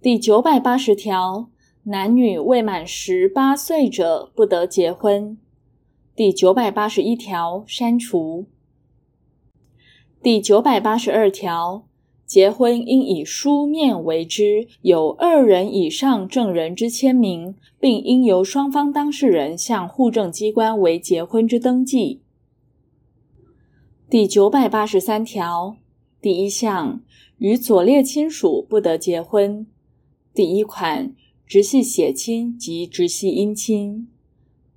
第九百八十條，男女未滿十八歲者不得結婚。第九百八十一條刪除。第九百八十二條，結婚應以書面為之，有二人以上證人之簽名，並應由雙方當事人向戶政機關為結婚之登記。第九百八十三條第一項，與左列親屬不得結婚。第一款，直系血親及直系姻親；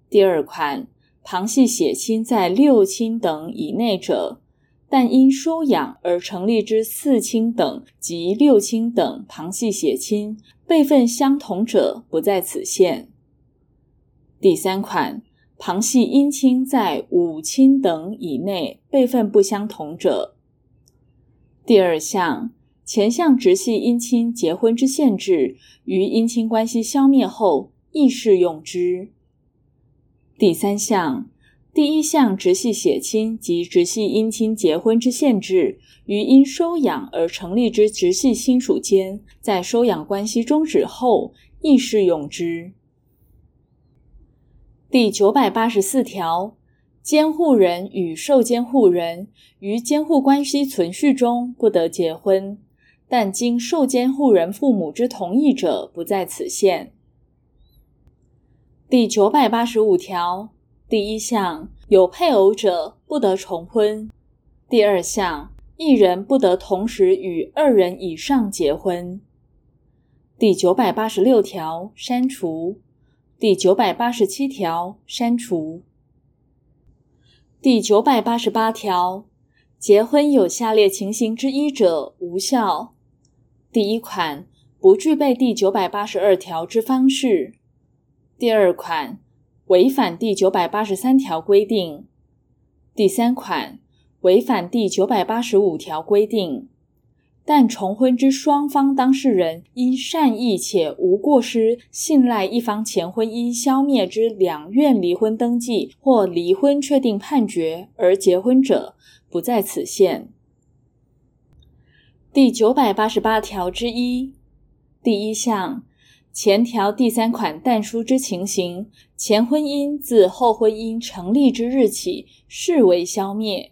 第二款，旁系血親在六親等以內者，但因收養而成立之四親等及六親等旁系血親，輩分相同者不在此限；第三款，旁系姻親在五親等以內，輩分不相同者。第二項。前項直系姻親結婚之限制，於姻親關係消滅後，亦適用之。第三項，第一項直系血親及直系姻親結婚之限制，於因收養而成立之直系親屬間，在收養關係終止後，亦適用之。第九百八十四條，監護人與受監護人，於監護關係存續中，不得結婚。但經受監護人父母之同意者，不在此限。第九百八十五條，第一項，有配偶者不得重婚；第二項，一人不得同時與二人以上結婚。第九百八十六條，刪除；第九百八十七條，刪除。第九百八十八條，結婚有下列情形之一者，無效。第一款，不具備第九百八十二條之方式；第二款，違反第九百八十三條規定；第三款，違反第九百八十五條規定，但重婚之雙方當事人因善意且無過失信賴一方前婚姻消滅之兩願離婚登記或離婚確定判決而結婚者，不在此限。第九百八十八條之一，第一項，前條第三款但書之情形，前婚姻自後婚姻成立之日起視為消滅。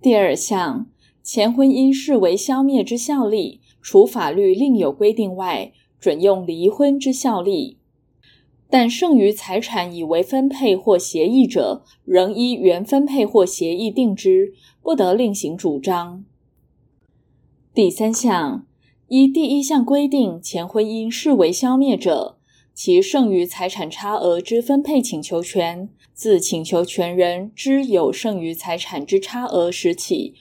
第二項，前婚姻視為消滅之效力，除法律另有規定外，準用離婚之效力。但剩餘財產已為分配或協議者，仍依原分配或協議定之，不得另行主張。第三項，依第一項規定，前婚姻視為消滅者，其剩餘財產差額之分配請求權，自請求權人知有剩餘財產之差額時起，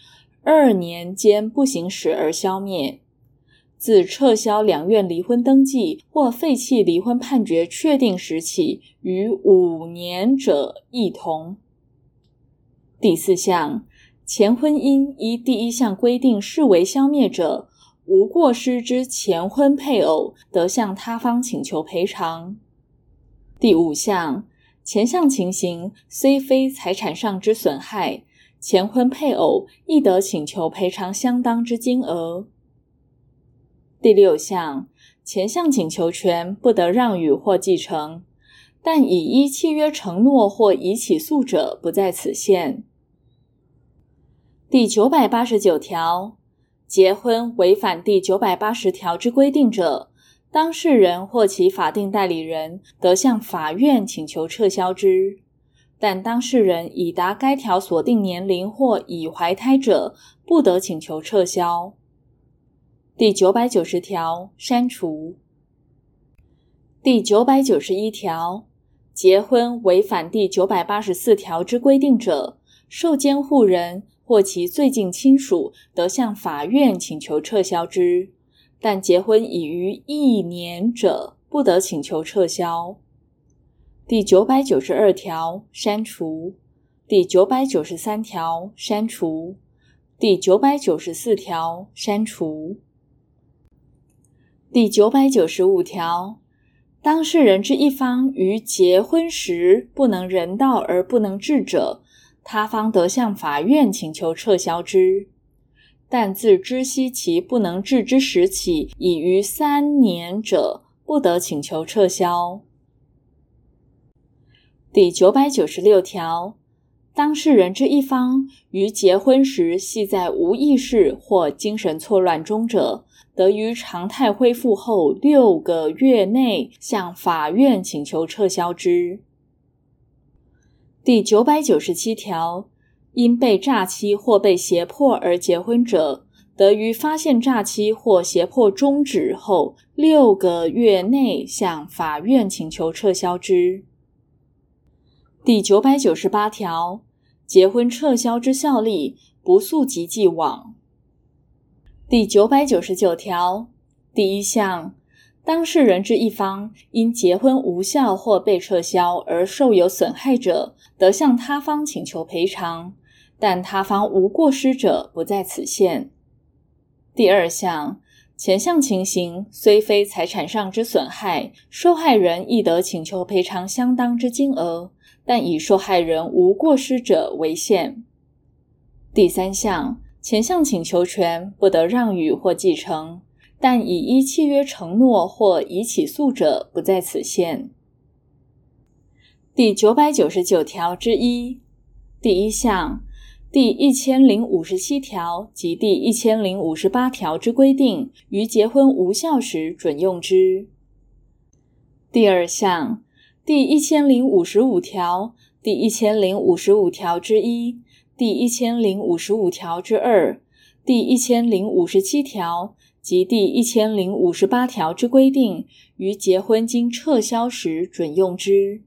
二年間不行使而消滅，自撤銷兩院離婚登記或廢棄離婚判決確定時起，逾五年者，亦同。第四項。前婚姻依第一項規定視為消滅者，無過失之前婚配偶得向他方請求賠償。第五項，前項情形雖非財產上之損害，前婚配偶亦得請求賠償相當之金額。第六項，前項請求權不得讓與或繼承，但已依契約承諾或已起訴者不在此限。第九百八十九條，結婚違反第九百八十條之規定者，當事人或其法定代理人得向法院請求撤銷之，但當事人已達該條所定年齡或已懷胎者，不得請求撤銷。第九百九十條，刪除。第九百九十一條，結婚違反第九百八十四條之規定者，受監護人或其最近親屬得向法院請求撤銷之，但結婚已逾一年者，不得請求撤銷。第九百九十二條刪除。第九百九十三條刪除。第九百九十四條刪除。第九百九十五條，當事人之一方於結婚時不能人道而不能治者。他方得向法院請求撤銷之，但自知悉其不能治之時起，已逾三年者，不得請求撤銷。第九百九十六條，當事人之一方於結婚時係在無意識或精神錯亂中者，得於常態恢復後六個月內向法院請求撤銷之。第九百九十七條，因被詐欺或被脅迫而結婚者，得於發現詐欺或脅迫終止後六個月內，向法院請求撤銷之。第九百九十八條，結婚撤銷之效力不溯及既往。第九百九十九條，第一項。當事人之一方因結婚無效或被撤銷而受有損害者，得向他方請求賠償，但他方無過失者不在此限。第二項，前項情形雖非財產上之損害，受害人亦得請求賠償相當之金額，但以受害人無過失者為限。第三項，前項請求權不得讓與或繼承，但已依契約承諾或已起訴者不在此限。第九百九十九條之一第一項，第一千零五十七條及第一千零五十八條之規定，於結婚無效時準用之。第二項，第一千零五十五條、第一千零五十五條之一、第一千零五十五條之二、第一千零五十七條及第一千零五十八條之規定，於結婚經撤銷時準用之。